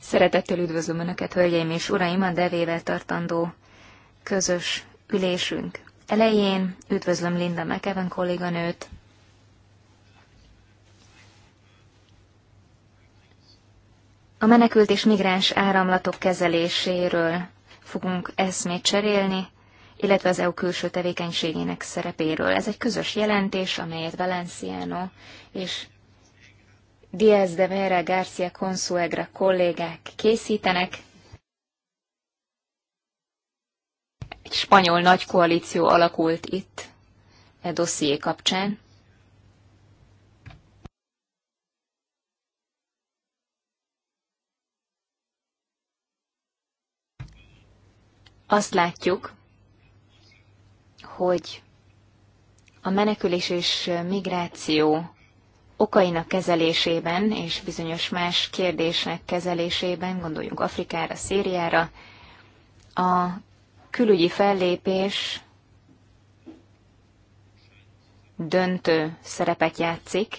Szeretettel üdvözlöm Önöket, Hölgyeim és Uraim, a devével tartandó közös ülésünk. Elején üdvözlöm Linda McEwen kolléganőt, A menekült és migráns áramlatok kezeléséről fogunk eszmét cserélni illetve az EU külső tevékenységének szerepéről. Ez egy közös jelentés, amelyet Valenciano és Diaz de Vera Garcia Consuegra kollégák készítenek. Egy spanyol nagy koalíció alakult itt e dosszié kapcsán. Azt látjuk, hogy a menekülés és migráció okainak kezelésében és bizonyos más kérdések kezelésében, gondoljunk Afrikára, Szíriára, a külügyi fellépés döntő szerepet játszik.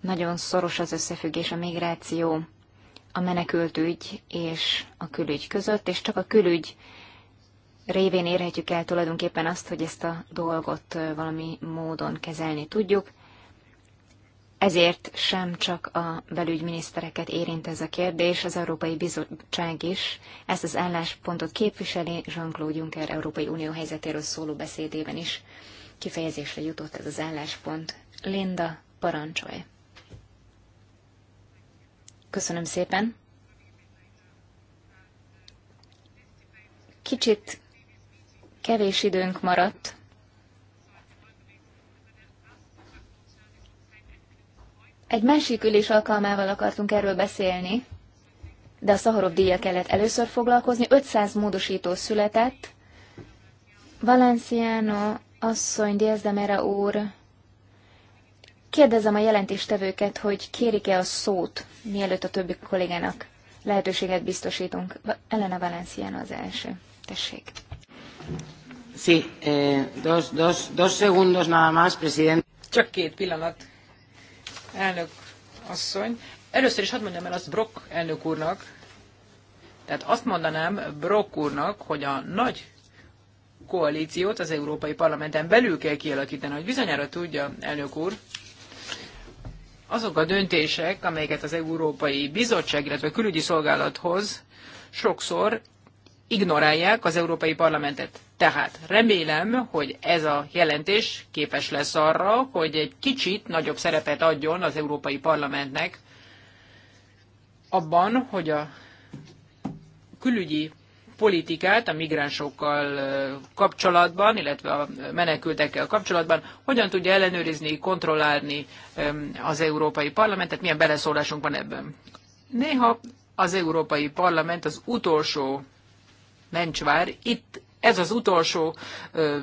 Nagyon szoros az összefüggés a migráció, a menekültügy és a külügy között, és csak a külügy révén érhetjük el tulajdonképpen azt, hogy ezt a dolgot valami módon kezelni tudjuk. Ezért sem csak a belügyminisztereket érint ez a kérdés, az Európai Bizottság is ezt az álláspontot képviseli, Jean-Claude Juncker Európai Unió helyzetéről szóló beszédében is kifejezésre jutott ez az álláspont. Linda, parancsolj! Köszönöm szépen! Kicsit Kevés időnk maradt. Egy másik ülés alkalmával akartunk erről beszélni, de a Szaharov díja kellett először foglalkozni. 500 módosító született. Valenciano asszony, Diazdemera úr, kérdezem a jelentéstevőket, hogy kérik-e a szót, mielőtt a többi kollégának lehetőséget biztosítunk. Elena Valenciano az első. Tessék. Sí, eh, dos, dos, dos segundos nada más, president. Csak két pillanat, elnök asszony. Először is hadd mondjam el azt Brock elnök úrnak, tehát azt mondanám Brock úrnak, hogy a nagy koalíciót az Európai Parlamenten belül kell kialakítani, hogy bizonyára tudja, elnök úr, azok a döntések, amelyeket az Európai Bizottság, illetve a külügyi szolgálat hoz, sokszor ignorálják az Európai Parlamentet. Tehát remélem, hogy ez a jelentés képes lesz arra, hogy egy kicsit nagyobb szerepet adjon az Európai Parlamentnek abban, hogy a külügyi politikát a migránsokkal kapcsolatban, illetve a menekültekkel kapcsolatban, hogyan tudja ellenőrizni, kontrollálni az Európai Parlamentet, milyen beleszólásunk van ebben. Néha az Európai Parlament az utolsó Mencsvár. Itt ez az utolsó ö,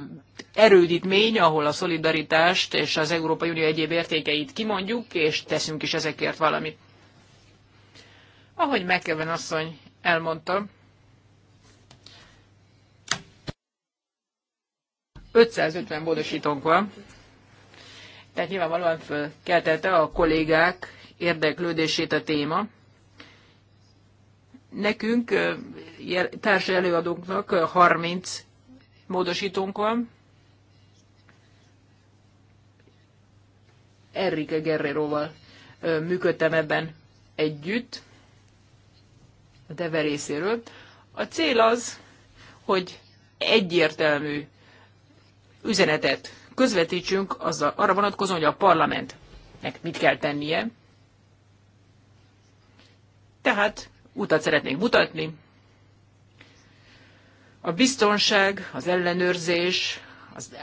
erődítmény, ahol a szolidaritást és az Európai Unió egyéb értékeit kimondjuk, és teszünk is ezekért valamit. Ahogy McEwen asszony elmondta, 550 módosítónk van, tehát nyilvánvalóan felkeltette a kollégák érdeklődését a téma. Nekünk társ előadónknak 30 módosítónk van. Enrique Guerreroval működtem ebben együtt, a Deve részéről. A cél az, hogy egyértelmű üzenetet közvetítsünk azzal, arra vonatkozóan, hogy a parlamentnek mit kell tennie. Tehát utat szeretnék mutatni. A biztonság, az ellenőrzés, az,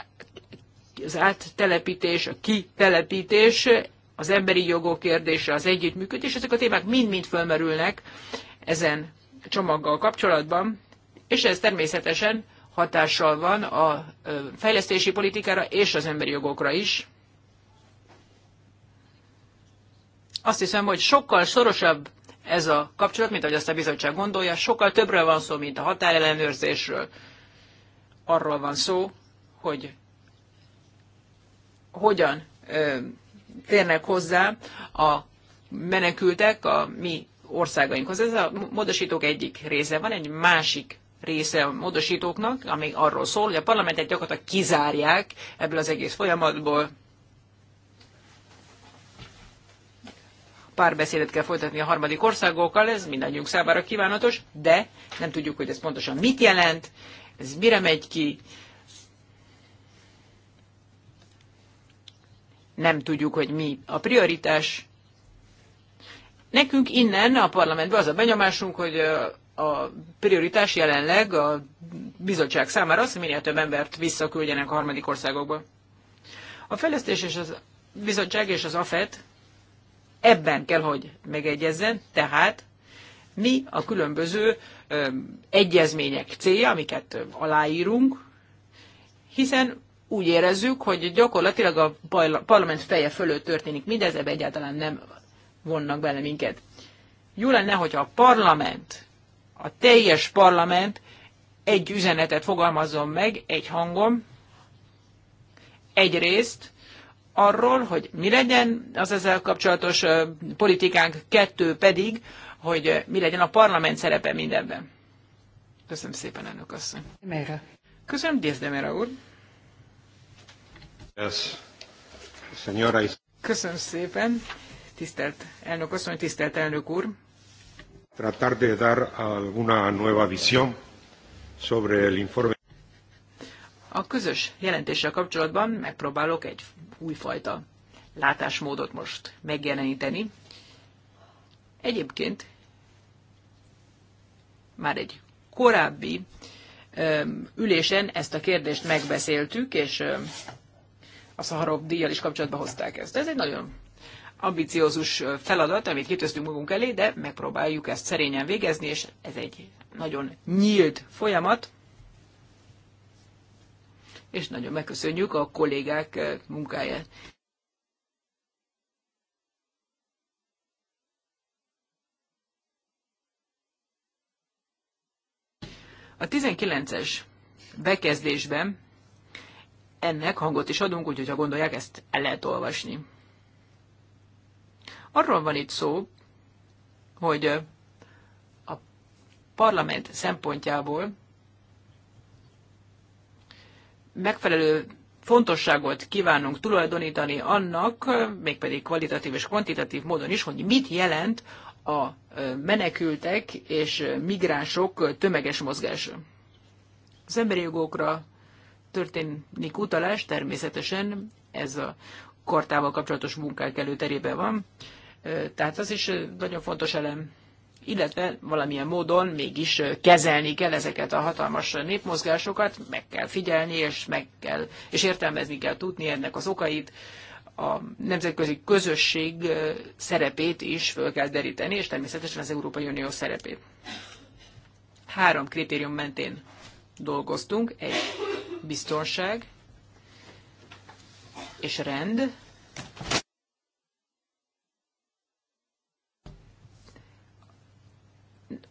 az áttelepítés, a kitelepítés, az emberi jogok kérdése, az együttműködés, ezek a témák mind-mind fölmerülnek ezen csomaggal kapcsolatban, és ez természetesen hatással van a fejlesztési politikára és az emberi jogokra is. Azt hiszem, hogy sokkal szorosabb ez a kapcsolat, mint ahogy azt a bizottság gondolja, sokkal többről van szó, mint a határellenőrzésről. Arról van szó, hogy hogyan ö, térnek hozzá a menekültek a mi országainkhoz. Ez a módosítók egyik része. Van egy másik része a módosítóknak, ami arról szól, hogy a parlamentet gyakorlatilag kizárják ebből az egész folyamatból. párbeszédet kell folytatni a harmadik országokkal, ez mindannyiunk számára kívánatos, de nem tudjuk, hogy ez pontosan mit jelent, ez mire megy ki, nem tudjuk, hogy mi a prioritás. Nekünk innen a parlamentben az a benyomásunk, hogy a prioritás jelenleg a bizottság számára az, hogy minél több embert visszaküldjenek a harmadik országokba. A fejlesztés és az bizottság és az AFET ebben kell, hogy megegyezzen, tehát mi a különböző ö, egyezmények célja, amiket aláírunk, hiszen úgy érezzük, hogy gyakorlatilag a parlament feje fölött történik mindez, ebbe egyáltalán nem vonnak bele minket. Jó lenne, hogyha a parlament, a teljes parlament egy üzenetet fogalmazzon meg, egy hangom. Egyrészt arról, hogy mi legyen az ezzel kapcsolatos politikánk, kettő pedig, hogy mi legyen a parlament szerepe mindenben. Köszönöm szépen, elnök asszony. Mera. Köszönöm, Dézdemera úr. Yes. Köszönöm szépen, tisztelt elnök asszony, tisztelt elnök úr. Tratar de dar alguna nueva visión sobre el informe. A közös jelentéssel kapcsolatban megpróbálok egy újfajta látásmódot most megjeleníteni. Egyébként már egy korábbi ülésen ezt a kérdést megbeszéltük, és a Szaharov díjjal is kapcsolatba hozták ezt. Ez egy nagyon ambiciózus feladat, amit kitöztünk magunk elé, de megpróbáljuk ezt szerényen végezni, és ez egy nagyon nyílt folyamat és nagyon megköszönjük a kollégák eh, munkáját. A 19-es bekezdésben ennek hangot is adunk, úgyhogy ha gondolják, ezt el lehet olvasni. Arról van itt szó, hogy eh, a parlament szempontjából megfelelő fontosságot kívánunk tulajdonítani annak, mégpedig kvalitatív és kvantitatív módon is, hogy mit jelent a menekültek és migránsok tömeges mozgása. Az emberi jogokra történik utalás, természetesen ez a kortával kapcsolatos munkák előterében van, tehát az is nagyon fontos elem illetve valamilyen módon mégis kezelni kell ezeket a hatalmas népmozgásokat, meg kell figyelni, és, meg kell, és értelmezni kell tudni ennek az okait, a nemzetközi közösség szerepét is föl kell deríteni, és természetesen az Európai Unió szerepét. Három kritérium mentén dolgoztunk. Egy biztonság és rend,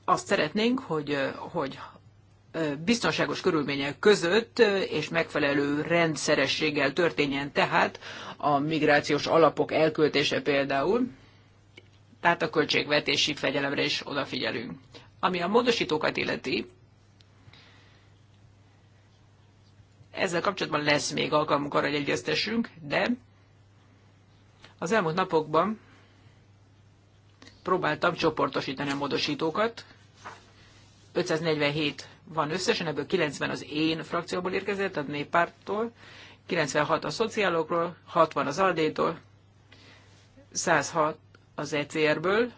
azt szeretnénk, hogy, hogy biztonságos körülmények között és megfelelő rendszerességgel történjen tehát a migrációs alapok elköltése például, tehát a költségvetési fegyelemre is odafigyelünk. Ami a módosítókat illeti, ezzel kapcsolatban lesz még alkalmunk arra, hogy egyeztessünk, de az elmúlt napokban próbáltam csoportosítani a módosítókat, 547 van összesen, ebből 90 az én frakcióból érkezett, a néppárttól, 96 a szociálokról, 60 az Aldétól, 106 az ECR-ből,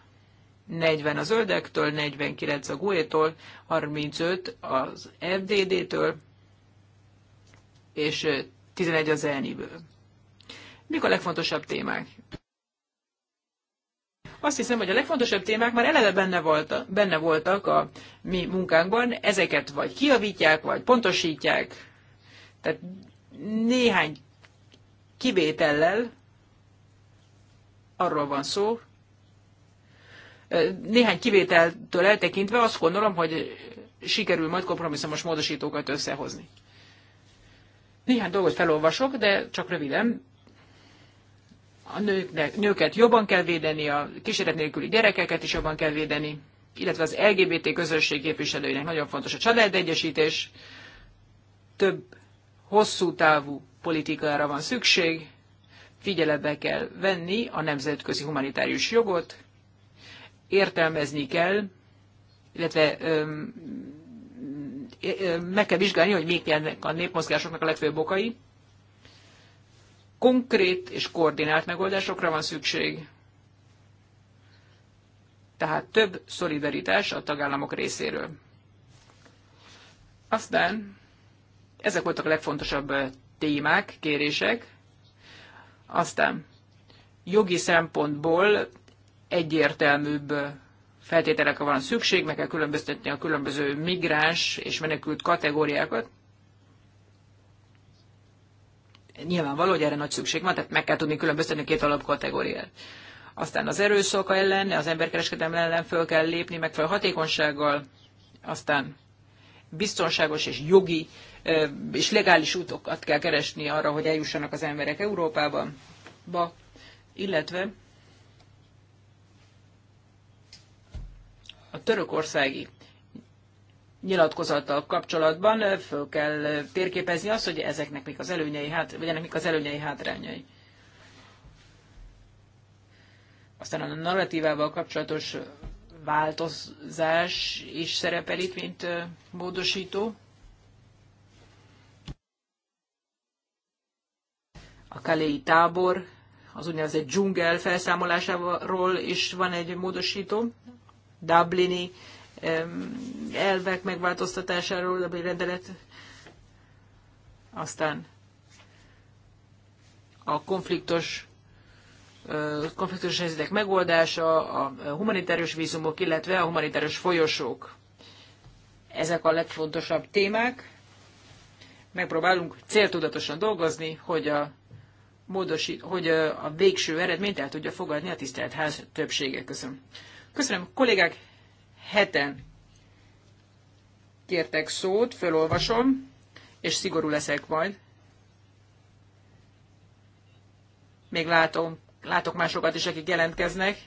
40 az zöldektől, 49 a GUE-tól, 35 az FDD-től, e és 11 az ELNI-ből. Mik a legfontosabb témák? Azt hiszem, hogy a legfontosabb témák már eleve benne, volt, benne voltak a mi munkánkban, ezeket vagy kiavítják, vagy pontosítják. Tehát néhány kivétellel arról van szó, néhány kivételtől eltekintve azt gondolom, hogy sikerül majd kompromisszumos módosítókat összehozni. Néhány dolgot felolvasok, de csak röviden a nőknek, nőket jobban kell védeni, a kísérlet nélküli gyerekeket is jobban kell védeni, illetve az LGBT közösség képviselőinek nagyon fontos a családegyesítés, több hosszú távú politikára van szükség, figyelembe kell venni a nemzetközi humanitárius jogot, értelmezni kell, illetve öm, meg kell vizsgálni, hogy mik ennek a népmozgásoknak a legfőbb okai konkrét és koordinált megoldásokra van szükség. Tehát több szolidaritás a tagállamok részéről. Aztán ezek voltak a legfontosabb témák, kérések. Aztán jogi szempontból egyértelműbb feltételekre van szükség, meg kell különböztetni a különböző migráns és menekült kategóriákat. Nyilvánvaló, hogy erre nagy szükség van, tehát meg kell tudni különböztetni két alapkategóriát. Aztán az erőszak ellen, az emberkereskedelem ellen föl kell lépni, fel hatékonysággal, aztán biztonságos és jogi és legális útokat kell keresni arra, hogy eljussanak az emberek Európába, ba, illetve a törökországi nyilatkozattal kapcsolatban föl kell térképezni azt, hogy ezeknek mik az előnyei, hát, vagy ennek mik az előnyei hátrányai. Aztán a narratívával kapcsolatos változás is szerepel itt, mint módosító. A Kaléi tábor, az úgynevezett dzsungel felszámolásáról is van egy módosító. Dublini elvek megváltoztatásáról, a rendelet. Aztán a konfliktos konfliktus helyzetek megoldása, a humanitárius vízumok, illetve a humanitárius folyosók. Ezek a legfontosabb témák. Megpróbálunk céltudatosan dolgozni, hogy a, módosít, hogy a végső eredményt el tudja fogadni a tisztelt ház többsége. Köszönöm. Köszönöm, kollégák! heten kértek szót, fölolvasom, és szigorú leszek majd. Még látom, látok másokat is, akik jelentkeznek.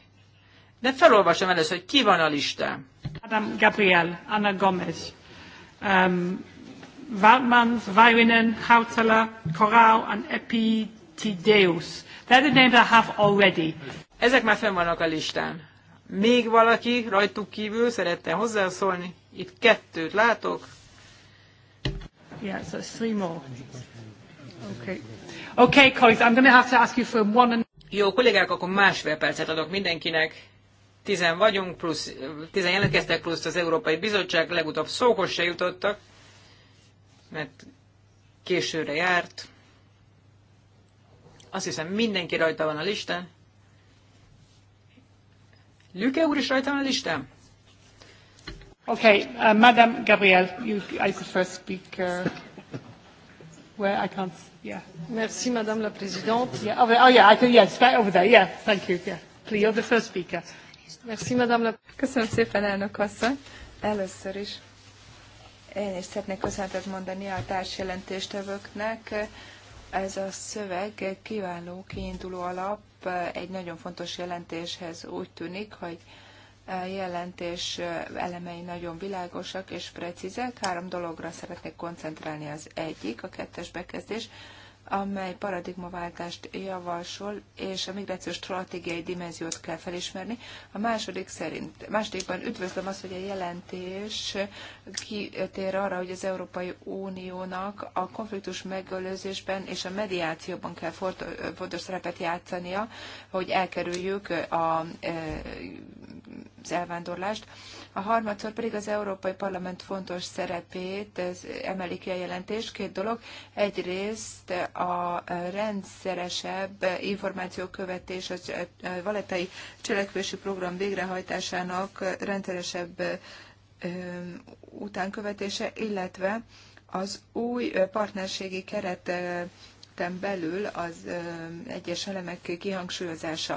De felolvasom először, hogy ki van a listán. Adam Gabriel, Anna Gomez, um, Valtmans, Vairinen, Hautala, Corral and Epitideus. They're the names I have already. Ezek már fenn vannak a listán. Még valaki rajtuk kívül szerette hozzászólni? Itt kettőt látok. Yeah, so three more. Okay. Okay, colleagues, I'm going to have to ask you for one and... Jó, kollégák, akkor másfél percet adok mindenkinek. Tizen vagyunk, plusz, tizen jelentkeztek, plusz az Európai Bizottság, legutóbb szóhoz se jutottak, mert későre járt. Azt hiszem mindenki rajta van a listán. Lüke úr is rajta van a listám. Okay, uh, Madame Gabriel, you, I prefer speak uh, where I can't. Yeah. Merci, Madame la Présidente. Yeah, over, oh yeah, I can, yes, yeah, right over there. Yeah, thank you. Yeah, please, you're the first speaker. Merci, Madame la. Köszönöm szépen, elnök asszony. Először is én is szeretnék köszönetet mondani a társjelentéstevőknek. Ez a szöveg kiváló kiinduló alap egy nagyon fontos jelentéshez úgy tűnik, hogy jelentés elemei nagyon világosak és precízek. Három dologra szeretnék koncentrálni. Az egyik, a kettes bekezdés, amely paradigmaváltást javasol, és a migrációs stratégiai dimenziót kell felismerni. A második szerint, másodikban üdvözlöm azt, hogy a jelentés kitér arra, hogy az Európai Uniónak a konfliktus megölőzésben és a mediációban kell fontos szerepet játszania, hogy elkerüljük a e, az elvándorlást. A harmadszor pedig az Európai Parlament fontos szerepét emeli ki a jelentés. Két dolog. Egyrészt a rendszeresebb információkövetés, a valetai cselekvési program végrehajtásának rendszeresebb utánkövetése, illetve az új partnerségi keret belül az egyes elemek kihangsúlyozása.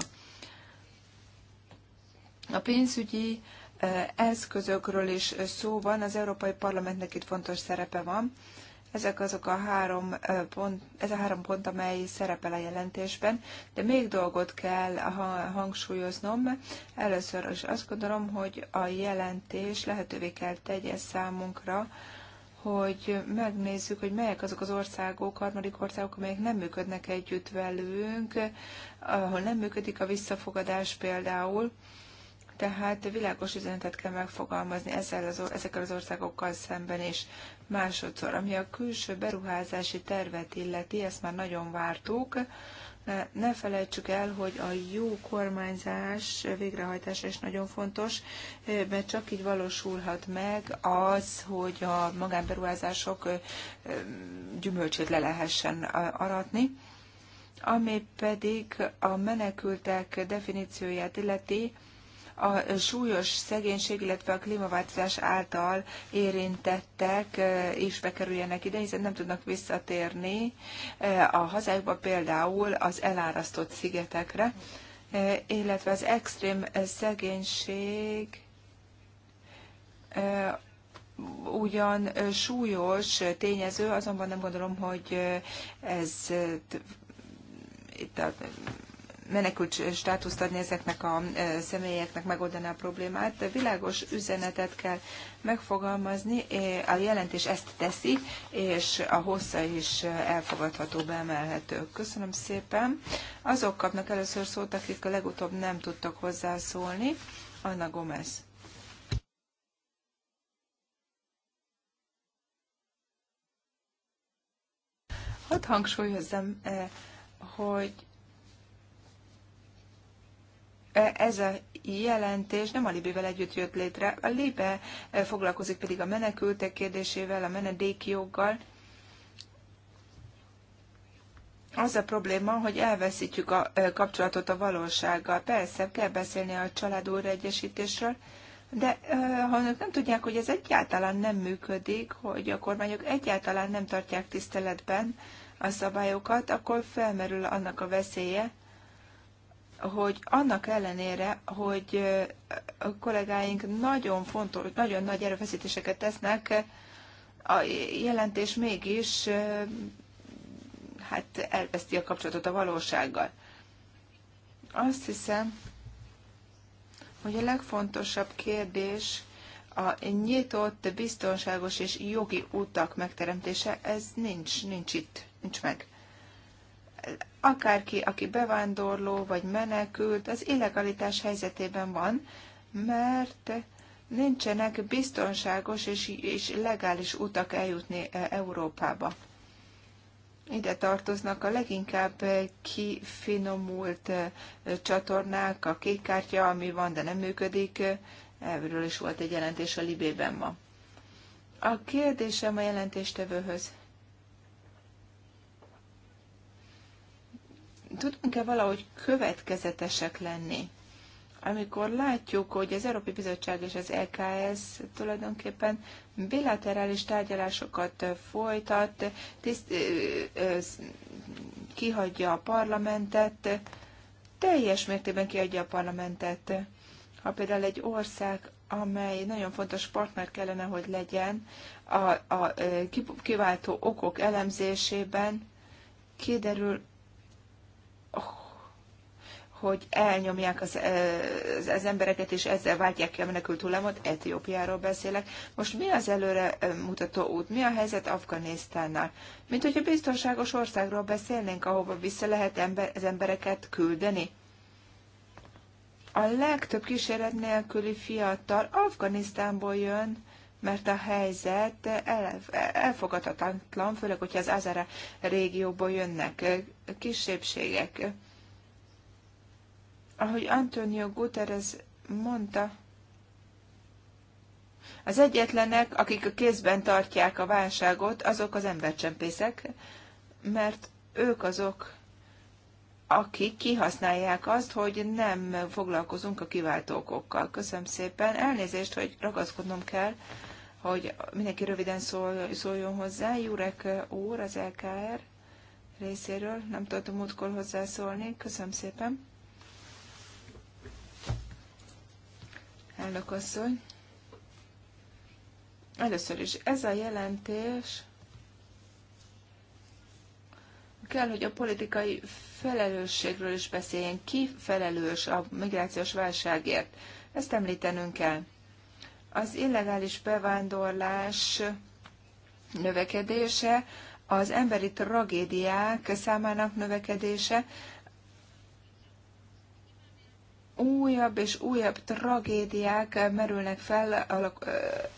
A pénzügyi eszközökről is szó van, az Európai Parlamentnek itt fontos szerepe van. Ezek azok a három pont, ez a három pont, amely szerepel a jelentésben, de még dolgot kell hangsúlyoznom. Először is azt gondolom, hogy a jelentés lehetővé kell tegye számunkra, hogy megnézzük, hogy melyek azok az országok, harmadik országok, amelyek nem működnek együtt velünk, ahol nem működik a visszafogadás például, tehát világos üzenetet kell megfogalmazni ezzel az, ezekkel az országokkal szemben is. Másodszor, ami a külső beruházási tervet illeti, ezt már nagyon vártuk, ne felejtsük el, hogy a jó kormányzás végrehajtása is nagyon fontos, mert csak így valósulhat meg az, hogy a magánberuházások gyümölcsét le lehessen aratni. Ami pedig a menekültek definícióját illeti, a súlyos szegénység, illetve a klímaváltozás által érintettek is bekerüljenek ide, hiszen nem tudnak visszatérni a hazájukba például az elárasztott szigetekre, illetve az extrém szegénység ugyan súlyos tényező, azonban nem gondolom, hogy ez itt a menekült státuszt adni ezeknek a e, személyeknek, megoldani a problémát. De világos üzenetet kell megfogalmazni, e, a jelentés ezt teszi, és a hossza is elfogadható, beemelhető. Köszönöm szépen. Azok kapnak először szót, akik a legutóbb nem tudtak hozzászólni. Anna Gomez. Hadd hangsúlyozzam, e, hogy E, ez a jelentés nem a Libével együtt jött létre, a Libe e, foglalkozik pedig a menekültek kérdésével, a menedékjoggal. Az a probléma, hogy elveszítjük a e, kapcsolatot a valósággal. Persze, kell beszélni a család egyesítésről, de ha önök nem tudják, hogy ez egyáltalán nem működik, hogy a kormányok egyáltalán nem tartják tiszteletben a szabályokat, akkor felmerül annak a veszélye, hogy annak ellenére, hogy a kollégáink nagyon fontos, nagyon nagy erőfeszítéseket tesznek, a jelentés mégis hát elveszti a kapcsolatot a valósággal. Azt hiszem, hogy a legfontosabb kérdés a nyitott, biztonságos és jogi utak megteremtése, ez nincs, nincs itt, nincs meg akárki, aki bevándorló vagy menekült, az illegalitás helyzetében van, mert nincsenek biztonságos és, és legális utak eljutni e, Európába. Ide tartoznak a leginkább kifinomult e, csatornák, a kék kártya, ami van, de nem működik. Erről is volt egy jelentés a Libében ma. A kérdésem a jelentéstevőhöz tudunk-e valahogy következetesek lenni? Amikor látjuk, hogy az Európai Bizottság és az EKS tulajdonképpen bilaterális tárgyalásokat folytat, tiszt, kihagyja a parlamentet, teljes mértékben kiadja a parlamentet. Ha például egy ország, amely nagyon fontos partner kellene, hogy legyen a, a kiváltó okok elemzésében, kiderül, hogy elnyomják az, az, az embereket, és ezzel váltják ki a menekült hullámot, Etiópiáról beszélek. Most mi az előre mutató út? Mi a helyzet Afganisztánnal? Mint hogyha biztonságos országról beszélnénk, ahova vissza lehet ember, az embereket küldeni? A legtöbb kísérlet nélküli fiatal Afganisztánból jön, mert a helyzet elfogadhatatlan, főleg, hogyha az Azara régióból jönnek kisebbségek. Ahogy Antonio Guterres mondta, az egyetlenek, akik a kézben tartják a válságot, azok az embercsempészek, mert ők azok, akik kihasználják azt, hogy nem foglalkozunk a kiváltókokkal. Köszönöm szépen. Elnézést, hogy ragaszkodnom kell hogy mindenki röviden szól, szóljon hozzá. Jurek eh, úr, az LKR részéről, nem tudtam múltkor hozzászólni. Köszönöm szépen. Elnök asszony. Először is ez a jelentés kell, hogy a politikai felelősségről is beszéljen. Ki felelős a migrációs válságért? Ezt említenünk kell. Az illegális bevándorlás növekedése, az emberi tragédiák számának növekedése, újabb és újabb tragédiák merülnek fel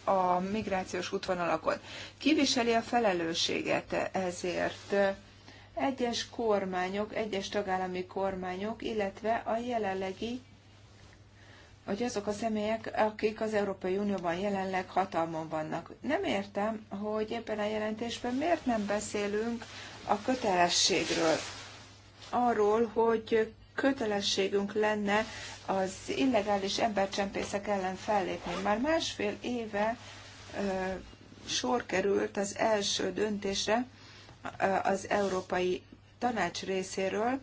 a, migrációs útvonalakon. Kiviseli a felelősséget ezért egyes kormányok, egyes tagállami kormányok, illetve a jelenlegi hogy azok a személyek, akik az Európai Unióban jelenleg hatalmon vannak. Nem értem, hogy ebben a jelentésben miért nem beszélünk a kötelességről, arról, hogy kötelességünk lenne az illegális embercsempészek ellen fellépni. Már másfél éve ö, sor került az első döntésre az Európai Tanács részéről,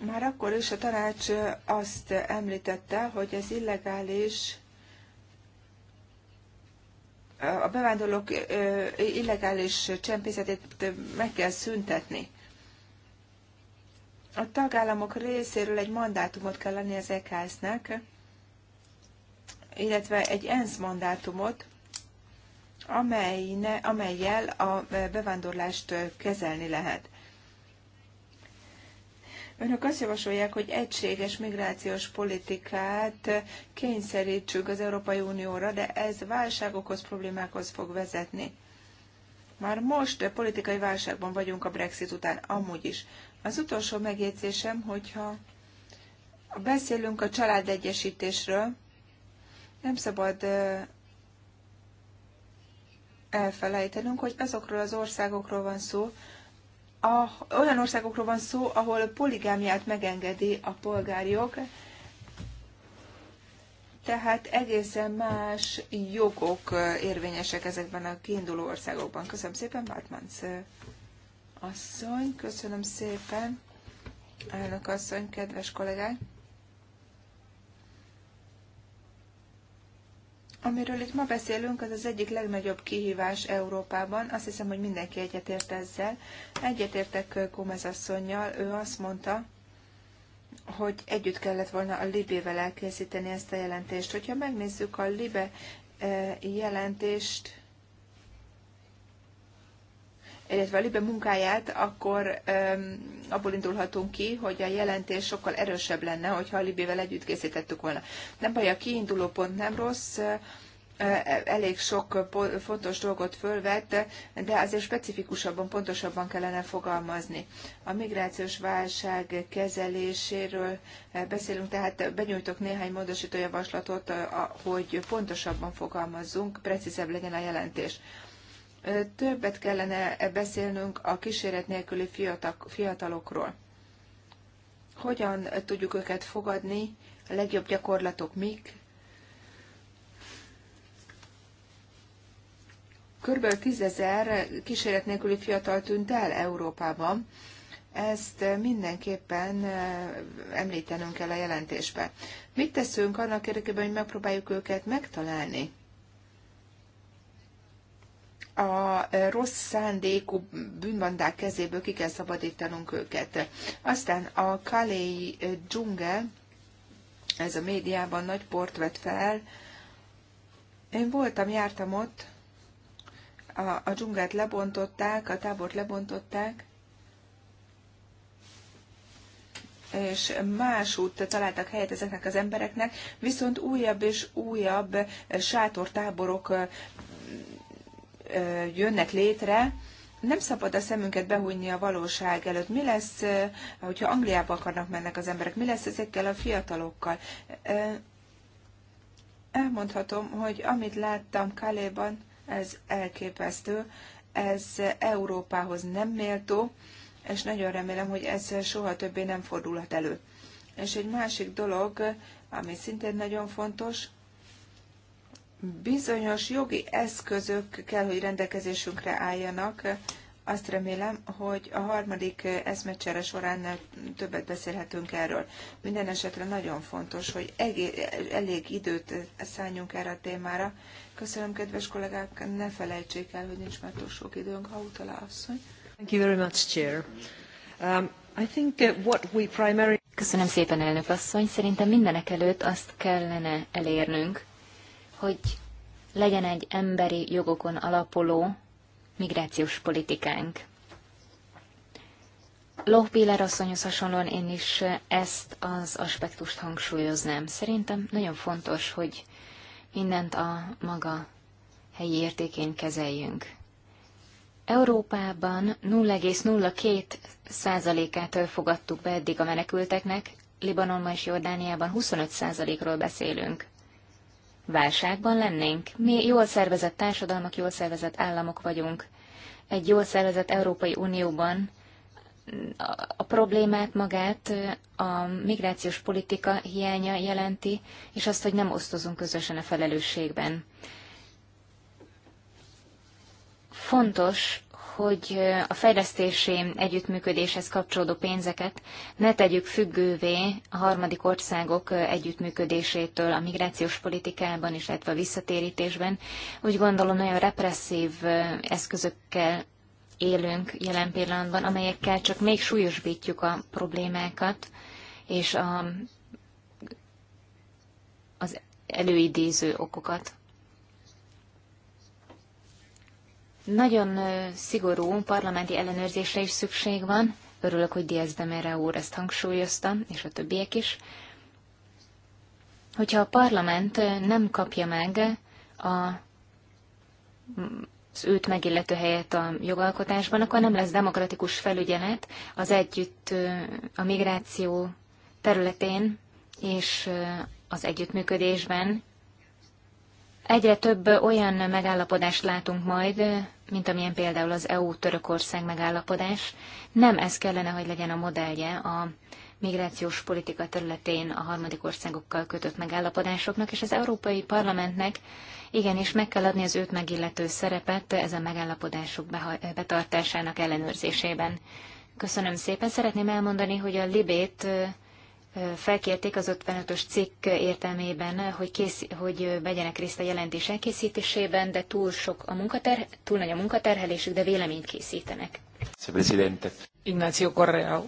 már akkor is a tanács azt említette, hogy ez illegális a bevándorlók illegális csempészetét meg kell szüntetni. A tagállamok részéről egy mandátumot kell lenni az EKS-nek, illetve egy ENSZ mandátumot, amelyne, amelyel a bevándorlást kezelni lehet. Önök azt javasolják, hogy egységes migrációs politikát kényszerítsük az Európai Unióra, de ez válságokhoz, problémákhoz fog vezetni. Már most politikai válságban vagyunk a Brexit után, amúgy is. Az utolsó megjegyzésem, hogyha beszélünk a családegyesítésről, nem szabad elfelejtenünk, hogy azokról az országokról van szó, a, olyan országokról van szó, ahol poligámiát megengedi a polgári jog, tehát egészen más jogok érvényesek ezekben a kiinduló országokban. Köszönöm szépen, Bartmanc asszony, köszönöm szépen, elnök asszony, kedves kollégák! Amiről itt ma beszélünk, az az egyik legnagyobb kihívás Európában. Azt hiszem, hogy mindenki egyetért ezzel. Egyetértek Gómez asszonynal, ő azt mondta, hogy együtt kellett volna a Libével elkészíteni ezt a jelentést. Hogyha megnézzük a Libe jelentést, illetve a LIBE munkáját, akkor um, abból indulhatunk ki, hogy a jelentés sokkal erősebb lenne, hogyha a Libével együtt készítettük volna. Nem baj, a kiinduló pont nem rossz, elég sok fontos dolgot fölvett, de azért specifikusabban, pontosabban kellene fogalmazni. A migrációs válság kezeléséről beszélünk, tehát benyújtok néhány módosító javaslatot, hogy pontosabban fogalmazzunk, precízebb legyen a jelentés. Többet kellene beszélnünk a kíséret nélküli fiatalokról. Hogyan tudjuk őket fogadni, a legjobb gyakorlatok mik, Körülbelül tízezer kíséret nélküli fiatal tűnt el Európában. Ezt mindenképpen említenünk kell a jelentésben. Mit teszünk annak érdekében, hogy megpróbáljuk őket megtalálni? a rossz szándékú bűnbandák kezéből ki kell szabadítanunk őket. Aztán a Kaléi dzsungel, ez a médiában nagy port vett fel. Én voltam, jártam ott, a, a dzsungelt lebontották, a tábort lebontották, és más út találtak helyet ezeknek az embereknek, viszont újabb és újabb sátortáborok jönnek létre, nem szabad a szemünket behújni a valóság előtt. Mi lesz, hogyha Angliába akarnak mennek az emberek? Mi lesz ezekkel a fiatalokkal? Elmondhatom, hogy amit láttam Kaléban, ez elképesztő, ez Európához nem méltó, és nagyon remélem, hogy ez soha többé nem fordulhat elő. És egy másik dolog, ami szintén nagyon fontos, bizonyos jogi eszközök kell, hogy rendelkezésünkre álljanak. Azt remélem, hogy a harmadik eszmecsere során többet beszélhetünk erről. Minden esetre nagyon fontos, hogy egész, elég időt szálljunk erre a témára. Köszönöm, kedves kollégák, ne felejtsék el, hogy nincs már túl sok időnk, ha utalá asszony. Thank you very much, Chair. Um, I think uh, what we primarily... Köszönöm szépen, elnök asszony. Szerintem mindenek előtt azt kellene elérnünk, hogy legyen egy emberi jogokon alapuló migrációs politikánk. Péler asszonyhoz hasonlóan én is ezt az aspektust hangsúlyoznám. Szerintem nagyon fontos, hogy mindent a maga helyi értékén kezeljünk. Európában 0,02 százalékát fogadtuk be eddig a menekülteknek, Libanonban és Jordániában 25 százalékról beszélünk válságban lennénk. Mi jól szervezett társadalmak, jól szervezett államok vagyunk. Egy jól szervezett Európai Unióban a problémát magát a migrációs politika hiánya jelenti, és azt, hogy nem osztozunk közösen a felelősségben. Fontos hogy a fejlesztési együttműködéshez kapcsolódó pénzeket ne tegyük függővé a harmadik országok együttműködésétől a migrációs politikában, is, illetve a visszatérítésben. Úgy gondolom, nagyon represszív eszközökkel élünk jelen pillanatban, amelyekkel csak még súlyosbítjuk a problémákat, és a, az előidéző okokat. Nagyon szigorú parlamenti ellenőrzésre is szükség van. Örülök, hogy Diaz de Mera úr ezt hangsúlyozta, és a többiek is. Hogyha a parlament nem kapja meg a, az őt megillető helyet a jogalkotásban, akkor nem lesz demokratikus felügyelet az együtt a migráció területén és az együttműködésben, Egyre több olyan megállapodást látunk majd, mint amilyen például az EU-Törökország megállapodás, nem ez kellene, hogy legyen a modellje a migrációs politika területén a harmadik országokkal kötött megállapodásoknak, és az Európai Parlamentnek igenis meg kell adni az őt megillető szerepet ezen megállapodások betartásának ellenőrzésében. Köszönöm szépen. Szeretném elmondani, hogy a Libét felkérték az 55-ös cikk értelmében, hogy, kész, hogy vegyenek részt a jelentés elkészítésében, de túl, sok a munkater, túl nagy a munkaterhelésük, de véleményt készítenek. Ignáció Correa.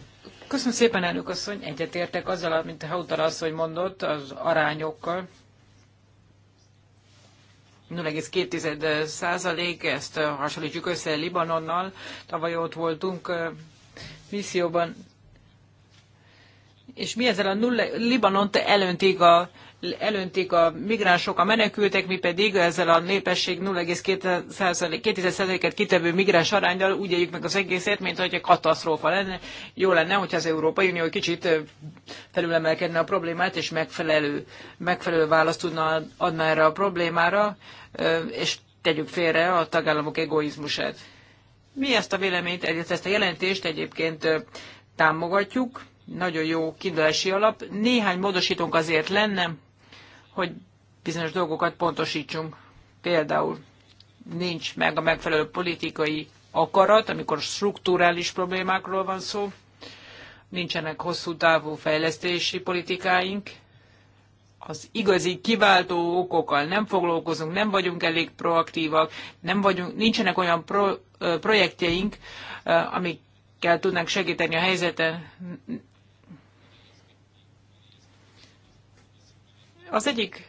Köszönöm szépen, elnök asszony. Egyetértek azzal, amit Hautala asszony mondott, az arányokkal. 0,2 százalék, ezt hasonlítjuk össze Libanonnal. Tavaly ott voltunk misszióban, és mi ezzel a nulla, Libanont elöntik a, elöntik a migránsok, a menekültek, mi pedig ezzel a népesség 0,2%-et kitevő migráns arányjal úgy éljük meg az egészet, mint hogy egy katasztrófa lenne. Jó lenne, hogyha az Európai Unió kicsit felülemelkedne a problémát, és megfelelő, megfelelő választ tudna adni erre a problémára, és tegyük félre a tagállamok egoizmusát. Mi ezt a véleményt, ezt a jelentést egyébként támogatjuk, nagyon jó kiindulási alap. Néhány módosítunk azért lenne, hogy bizonyos dolgokat pontosítsunk. Például nincs meg a megfelelő politikai akarat, amikor strukturális problémákról van szó, nincsenek hosszú távú fejlesztési politikáink, az igazi kiváltó okokkal nem foglalkozunk, nem vagyunk elég proaktívak, nem vagyunk, nincsenek olyan pro, projektjeink, amikkel tudnánk segíteni a helyzeten. Az egyik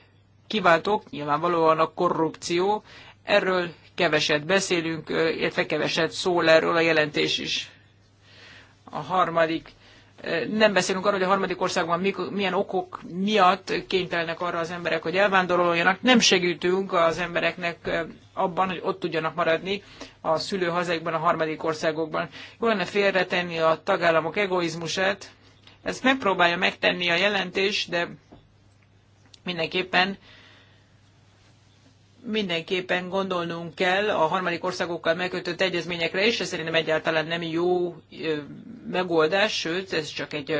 kiváltók nyilvánvalóan a korrupció, erről keveset beszélünk, illetve keveset szól erről a jelentés is. A harmadik, nem beszélünk arról, hogy a harmadik országban milyen okok miatt kénytelenek arra az emberek, hogy elvándoroljanak. Nem segítünk az embereknek abban, hogy ott tudjanak maradni a szülőhazákban, a harmadik országokban. Jó lenne félretenni a tagállamok egoizmusát. Ezt megpróbálja megtenni a jelentés, de mindenképpen mindenképpen gondolnunk kell a harmadik országokkal megkötött egyezményekre is, ez szerintem egyáltalán nem jó megoldás, sőt, ez csak egy,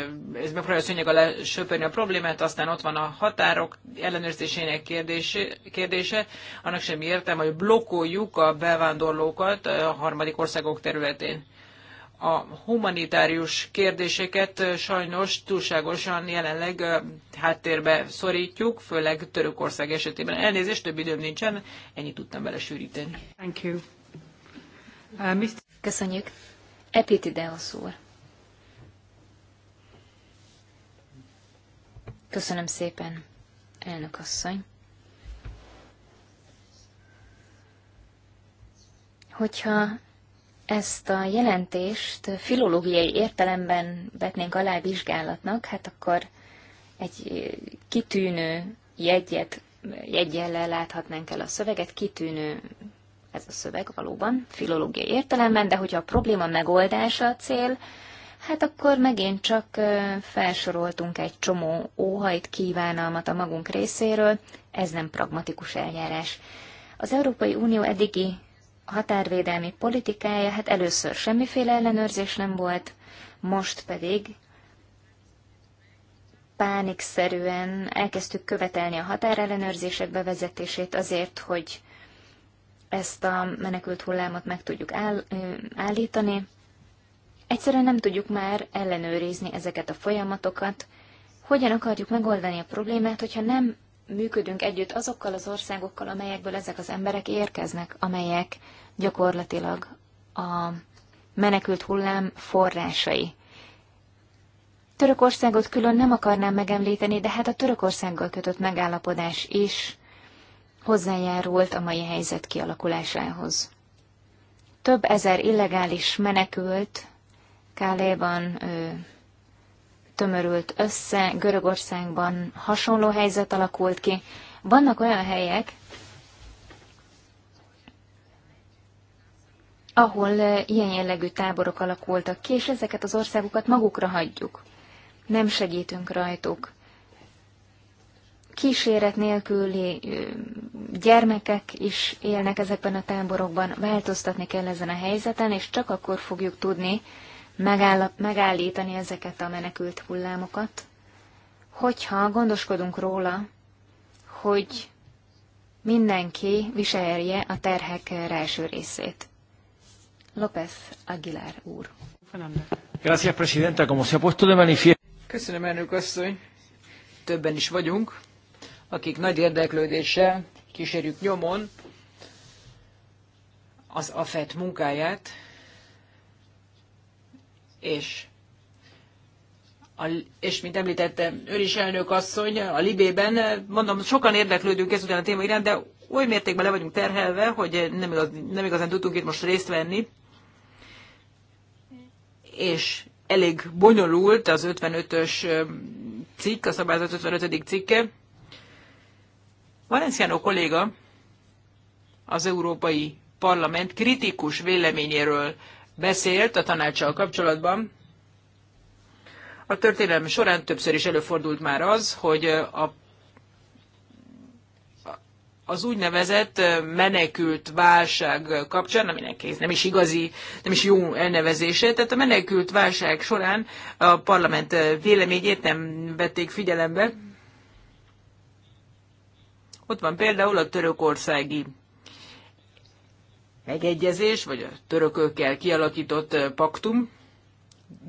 ez megpróbálja szőnyeg alá söpörni a problémát, aztán ott van a határok ellenőrzésének kérdése, kérdése. annak sem értem, hogy blokkoljuk a bevándorlókat a harmadik országok területén a humanitárius kérdéseket sajnos túlságosan jelenleg háttérbe szorítjuk, főleg Törökország esetében. Elnézést, több időm nincsen, ennyit tudtam belesűríteni. Thank you. Uh, Mr. Köszönjük. Epitideos úr. Köszönöm szépen, elnök asszony. Hogyha ezt a jelentést filológiai értelemben vetnénk alá vizsgálatnak, hát akkor egy kitűnő jegyet, jegyellel láthatnánk el a szöveget, kitűnő ez a szöveg valóban, filológiai értelemben, de hogyha a probléma megoldása a cél, hát akkor megint csak felsoroltunk egy csomó óhajt, kívánalmat a magunk részéről, ez nem pragmatikus eljárás. Az Európai Unió eddigi határvédelmi politikája, hát először semmiféle ellenőrzés nem volt, most pedig pánikszerűen elkezdtük követelni a határellenőrzések bevezetését azért, hogy ezt a menekült hullámot meg tudjuk állítani. Egyszerűen nem tudjuk már ellenőrizni ezeket a folyamatokat. Hogyan akarjuk megoldani a problémát, hogyha nem működünk együtt azokkal az országokkal, amelyekből ezek az emberek érkeznek, amelyek gyakorlatilag a menekült hullám forrásai. Törökországot külön nem akarnám megemlíteni, de hát a Törökországgal kötött megállapodás is hozzájárult a mai helyzet kialakulásához. Több ezer illegális menekült Káléban, tömörült össze, Görögországban hasonló helyzet alakult ki. Vannak olyan helyek, ahol eh, ilyen jellegű táborok alakultak ki, és ezeket az országokat magukra hagyjuk. Nem segítünk rajtuk. Kíséret nélküli eh, gyermekek is élnek ezekben a táborokban, változtatni kell ezen a helyzeten, és csak akkor fogjuk tudni megáll, megállítani ezeket a menekült hullámokat, hogyha gondoskodunk róla, hogy mindenki viselje a terhek első részét. López Aguilar úr. Köszönöm, elnök asszony. Többen is vagyunk, akik nagy érdeklődéssel kísérjük nyomon az AFET munkáját, és a, és mint említettem, ön is elnök asszony a Libében, mondom, sokan érdeklődünk ezután a téma iránt, de oly mértékben le vagyunk terhelve, hogy nem, igaz, nem igazán tudtunk itt most részt venni, és elég bonyolult az 55-ös cikk, a szabályzat 55. cikke. Valenciano kolléga az Európai Parlament kritikus véleményéről beszélt a tanácssal kapcsolatban. A történelem során többször is előfordult már az, hogy a az úgynevezett menekült válság kapcsán, aminek ez nem is igazi, nem is jó elnevezése, tehát a menekült válság során a parlament véleményét nem vették figyelembe. Ott van például a törökországi megegyezés, vagy a törökökkel kialakított paktum.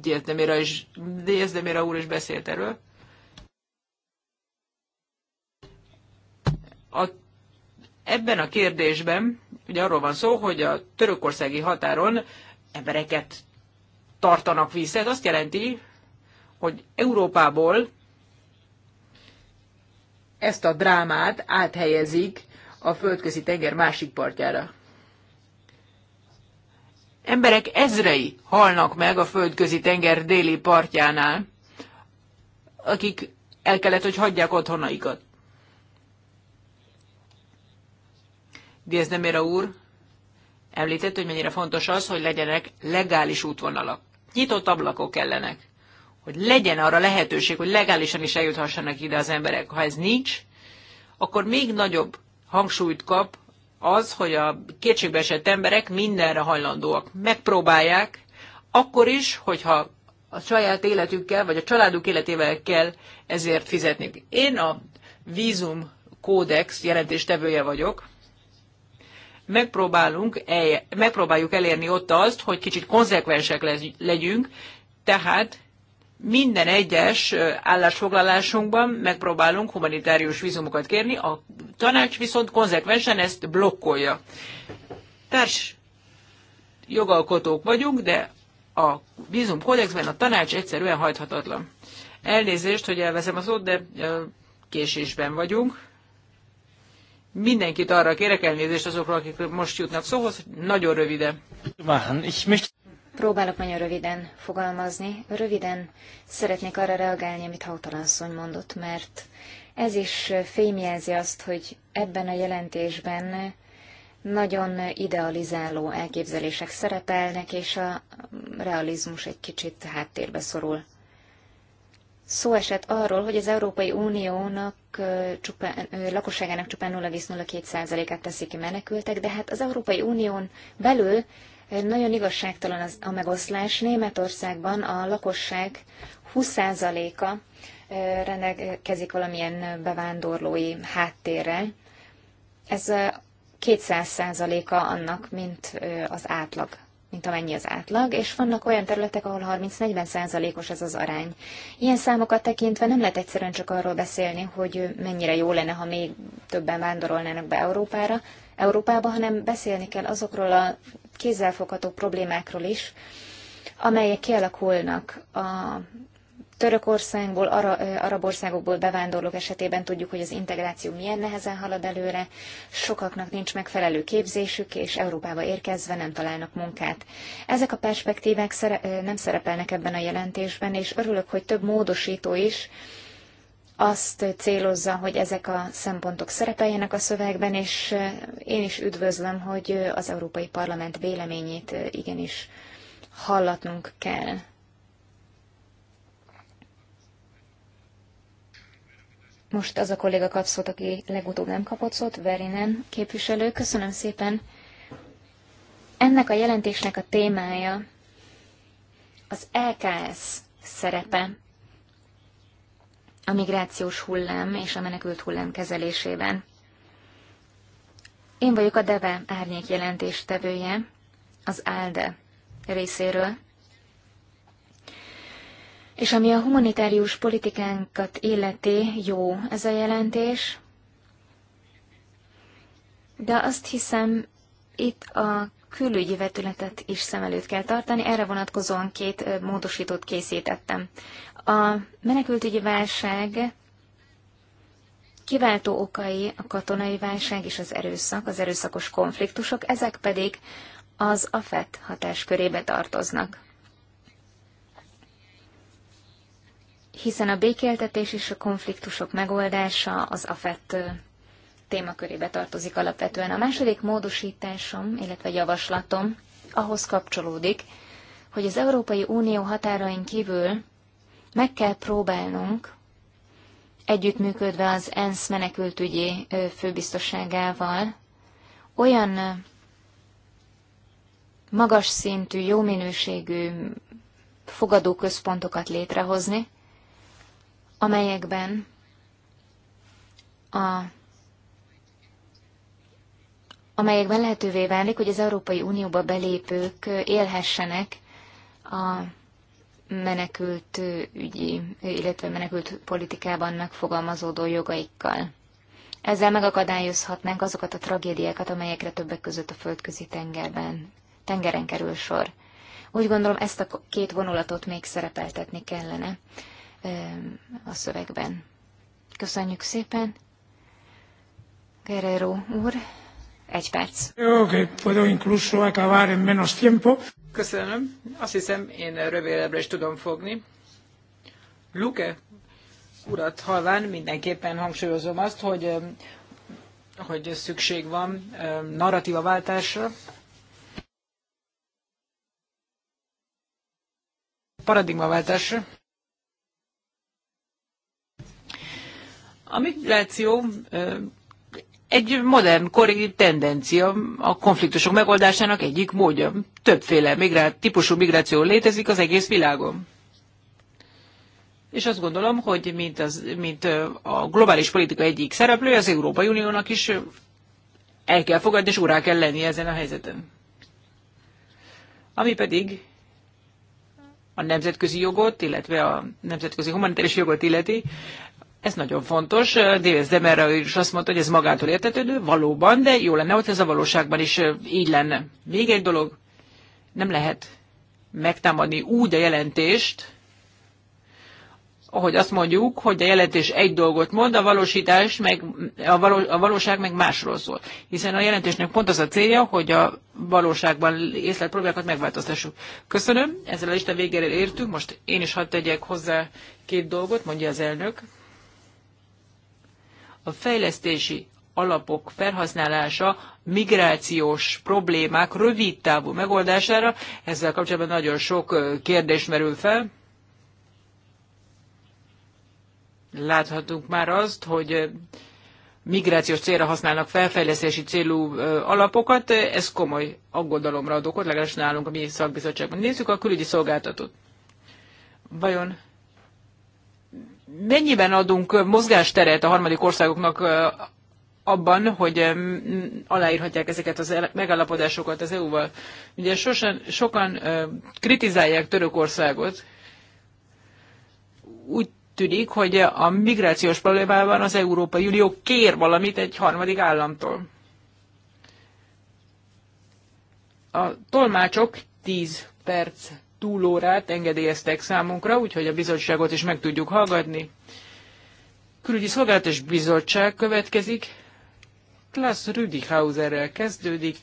Diazdemira, is, Diazdemira úr is beszélt erről. A, ebben a kérdésben ugye arról van szó, hogy a törökországi határon embereket tartanak vissza. Ez azt jelenti, hogy Európából ezt a drámát áthelyezik a földközi tenger másik partjára emberek ezrei halnak meg a földközi tenger déli partjánál, akik el kellett, hogy hagyják otthonaikat. Diazdemira úr említett, hogy mennyire fontos az, hogy legyenek legális útvonalak. Nyitott ablakok kellenek, hogy legyen arra lehetőség, hogy legálisan is eljuthassanak ide az emberek. Ha ez nincs, akkor még nagyobb hangsúlyt kap az, hogy a esett emberek mindenre hajlandóak. Megpróbálják, akkor is, hogyha a saját életükkel, vagy a családuk életével kell ezért fizetni. Én a vízum kódex jelentéstevője vagyok. Megpróbálunk, el, megpróbáljuk elérni ott azt, hogy kicsit konzekvensek legyünk, tehát minden egyes állásfoglalásunkban megpróbálunk humanitárius vízumokat kérni, a tanács viszont konzekvensen ezt blokkolja. Társ jogalkotók vagyunk, de a vízumkódexben a tanács egyszerűen hajthatatlan. Elnézést, hogy elveszem a szót, de késésben vagyunk. Mindenkit arra kérek elnézést azokra, akik most jutnak szóhoz, nagyon rövide. Próbálok nagyon röviden fogalmazni. Röviden szeretnék arra reagálni, amit Hautalanszony mondott, mert ez is fémjelzi azt, hogy ebben a jelentésben nagyon idealizáló elképzelések szerepelnek, és a realizmus egy kicsit háttérbe szorul. Szó esett arról, hogy az Európai Uniónak csupán, lakosságának csupán 0,02%-át teszik ki menekültek, de hát az Európai Unión belül nagyon igazságtalan az, a megoszlás. Németországban a lakosság 20%-a rendelkezik valamilyen bevándorlói háttérrel. Ez 200%-a annak, mint az átlag mint amennyi az átlag, és vannak olyan területek, ahol 30-40 százalékos ez az arány. Ilyen számokat tekintve nem lehet egyszerűen csak arról beszélni, hogy mennyire jó lenne, ha még többen vándorolnának be Európára, Európába, hanem beszélni kell azokról a kézzelfogható problémákról is, amelyek kialakulnak a Törökországból, ara, arab országokból bevándorlók esetében tudjuk, hogy az integráció milyen nehezen halad előre, sokaknak nincs megfelelő képzésük, és Európába érkezve nem találnak munkát. Ezek a perspektívák szere, nem szerepelnek ebben a jelentésben, és örülök, hogy több módosító is azt célozza, hogy ezek a szempontok szerepeljenek a szövegben, és én is üdvözlöm, hogy az Európai Parlament véleményét igenis hallatnunk kell Most az a kolléga kap szót, aki legutóbb nem kapott szót, Verinen képviselő. Köszönöm szépen. Ennek a jelentésnek a témája az LKS szerepe a migrációs hullám és a menekült hullám kezelésében. Én vagyok a DEVE árnyék jelentéstevője, az ALDE részéről. És ami a humanitárius politikánkat illeti, jó ez a jelentés, de azt hiszem, itt a külügyi vetületet is szem előtt kell tartani, erre vonatkozóan két módosítót készítettem. A menekültügyi válság kiváltó okai a katonai válság és az erőszak, az erőszakos konfliktusok, ezek pedig az AFET hatáskörébe tartoznak. hiszen a békéltetés és a konfliktusok megoldása az AFET témakörébe tartozik alapvetően. A második módosításom, illetve javaslatom ahhoz kapcsolódik, hogy az Európai Unió határain kívül meg kell próbálnunk, együttműködve az ENSZ menekültügyi főbiztosságával, olyan magas szintű, jó minőségű fogadóközpontokat létrehozni, amelyekben a amelyekben lehetővé válik, hogy az Európai Unióba belépők élhessenek a menekült ügyi, illetve menekült politikában megfogalmazódó jogaikkal. Ezzel megakadályozhatnánk azokat a tragédiákat, amelyekre többek között a földközi tengerben, tengeren kerül sor. Úgy gondolom, ezt a két vonulatot még szerepeltetni kellene a szövegben. Köszönjük szépen. Guerrero úr, egy perc. incluso acabar en menos tiempo. Köszönöm. Azt hiszem, én rövidebbre is tudom fogni. Luke urat halván mindenképpen hangsúlyozom azt, hogy, hogy szükség van narratíva váltásra. Paradigmaváltásra. A migráció egy modern kori tendencia a konfliktusok megoldásának egyik módja. Többféle migrá- típusú migráció létezik az egész világon. És azt gondolom, hogy mint, az, mint a globális politika egyik szereplője, az Európai Uniónak is el kell fogadni, és urá kell lenni ezen a helyzeten. Ami pedig a nemzetközi jogot, illetve a nemzetközi humanitárius jogot illeti, ez nagyon fontos. Dévész Demerra is azt mondta, hogy ez magától értetődő, valóban, de jó lenne, hogy ez a valóságban is így lenne. Még egy dolog, nem lehet megtámadni úgy a jelentést, ahogy azt mondjuk, hogy a jelentés egy dolgot mond, a valósítás meg, a, való, a valóság meg másról szól. Hiszen a jelentésnek pont az a célja, hogy a valóságban észlelt problémákat megváltoztassuk. Köszönöm, ezzel a lista végére értünk, most én is hadd tegyek hozzá két dolgot, mondja az elnök a fejlesztési alapok felhasználása migrációs problémák rövid távú megoldására. Ezzel kapcsolatban nagyon sok kérdés merül fel. Láthatunk már azt, hogy migrációs célra használnak felfejlesztési célú alapokat. Ez komoly aggodalomra ad okot, legalábbis nálunk a mi szakbizottságban. Nézzük a külügyi szolgáltatót. Vajon mennyiben adunk mozgásteret a harmadik országoknak abban, hogy aláírhatják ezeket az megállapodásokat az EU-val. Ugye sosan, sokan kritizálják Törökországot. Úgy tűnik, hogy a migrációs problémában az Európai Unió kér valamit egy harmadik államtól. A tolmácsok 10 perc túlórát engedélyeztek számunkra, úgyhogy a bizottságot is meg tudjuk hallgatni. Külügyi Szolgálatos Bizottság következik. Klaus Rüdighauserrel kezdődik.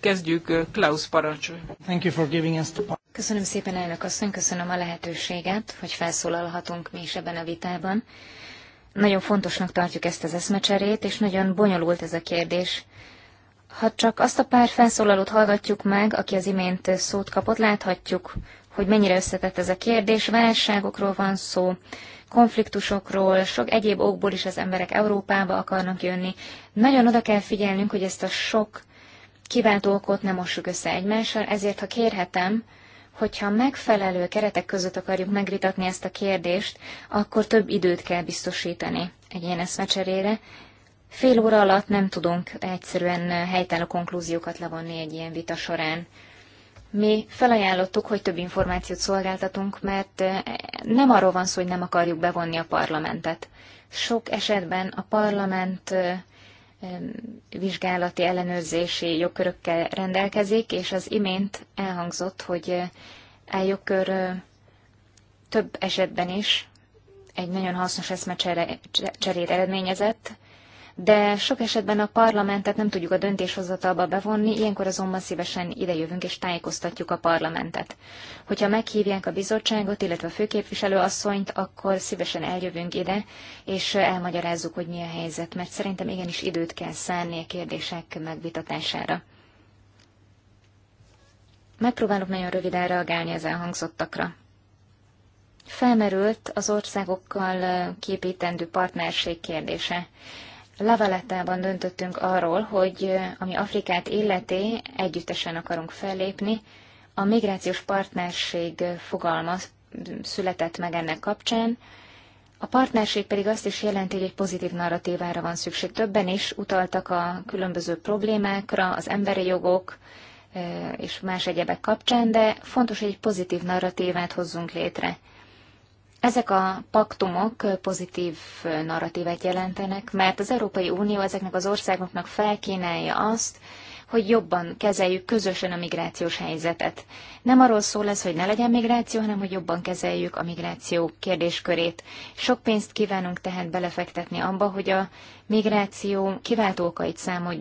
Kezdjük, eh, Klaus parancsol. Thank you for giving us the... Köszönöm szépen, elnök asszony, köszönöm a lehetőséget, hogy felszólalhatunk mi is ebben a vitában. Nagyon fontosnak tartjuk ezt az eszmecserét, és nagyon bonyolult ez a kérdés. Ha csak azt a pár felszólalót hallgatjuk meg, aki az imént szót kapott, láthatjuk, hogy mennyire összetett ez a kérdés. Válságokról van szó, konfliktusokról, sok egyéb okból is az emberek Európába akarnak jönni. Nagyon oda kell figyelnünk, hogy ezt a sok kiváltó okot nem mossuk össze egymással, ezért ha kérhetem, hogyha megfelelő keretek között akarjuk megvitatni ezt a kérdést, akkor több időt kell biztosítani egy ilyen eszmecserére. Fél óra alatt nem tudunk egyszerűen helytálló konklúziókat levonni egy ilyen vita során. Mi felajánlottuk, hogy több információt szolgáltatunk, mert eh, nem arról van szó, hogy nem akarjuk bevonni a parlamentet. Sok esetben a parlament eh, vizsgálati ellenőrzési jogkörökkel rendelkezik, és az imént elhangzott, hogy a eh, e jogkör több esetben is egy nagyon hasznos eszmecserét eredményezett, de sok esetben a parlamentet nem tudjuk a döntéshozatalba bevonni, ilyenkor azonban szívesen idejövünk és tájékoztatjuk a parlamentet. Hogyha meghívják a bizottságot, illetve a főképviselő asszonyt, akkor szívesen eljövünk ide, és elmagyarázzuk, hogy mi a helyzet, mert szerintem igenis időt kell szállni a kérdések megvitatására. Megpróbálok nagyon röviden reagálni az elhangzottakra. Felmerült az országokkal képítendő partnerség kérdése. Lavaletában döntöttünk arról, hogy eh, ami Afrikát illeti, együttesen akarunk fellépni. A migrációs partnerség eh, fogalma született meg ennek kapcsán. A partnerség pedig azt is jelenti, hogy egy pozitív narratívára van szükség. Többen is utaltak a különböző problémákra, az emberi jogok eh, és más egyebek kapcsán, de fontos, hogy egy pozitív narratívát hozzunk létre. Ezek a paktumok pozitív narratívet jelentenek, mert az Európai Unió ezeknek az országoknak felkínálja azt, hogy jobban kezeljük közösen a migrációs helyzetet. Nem arról szól ez, hogy ne legyen migráció, hanem hogy jobban kezeljük a migráció kérdéskörét. Sok pénzt kívánunk tehát belefektetni abba, hogy a migráció kiváltó okait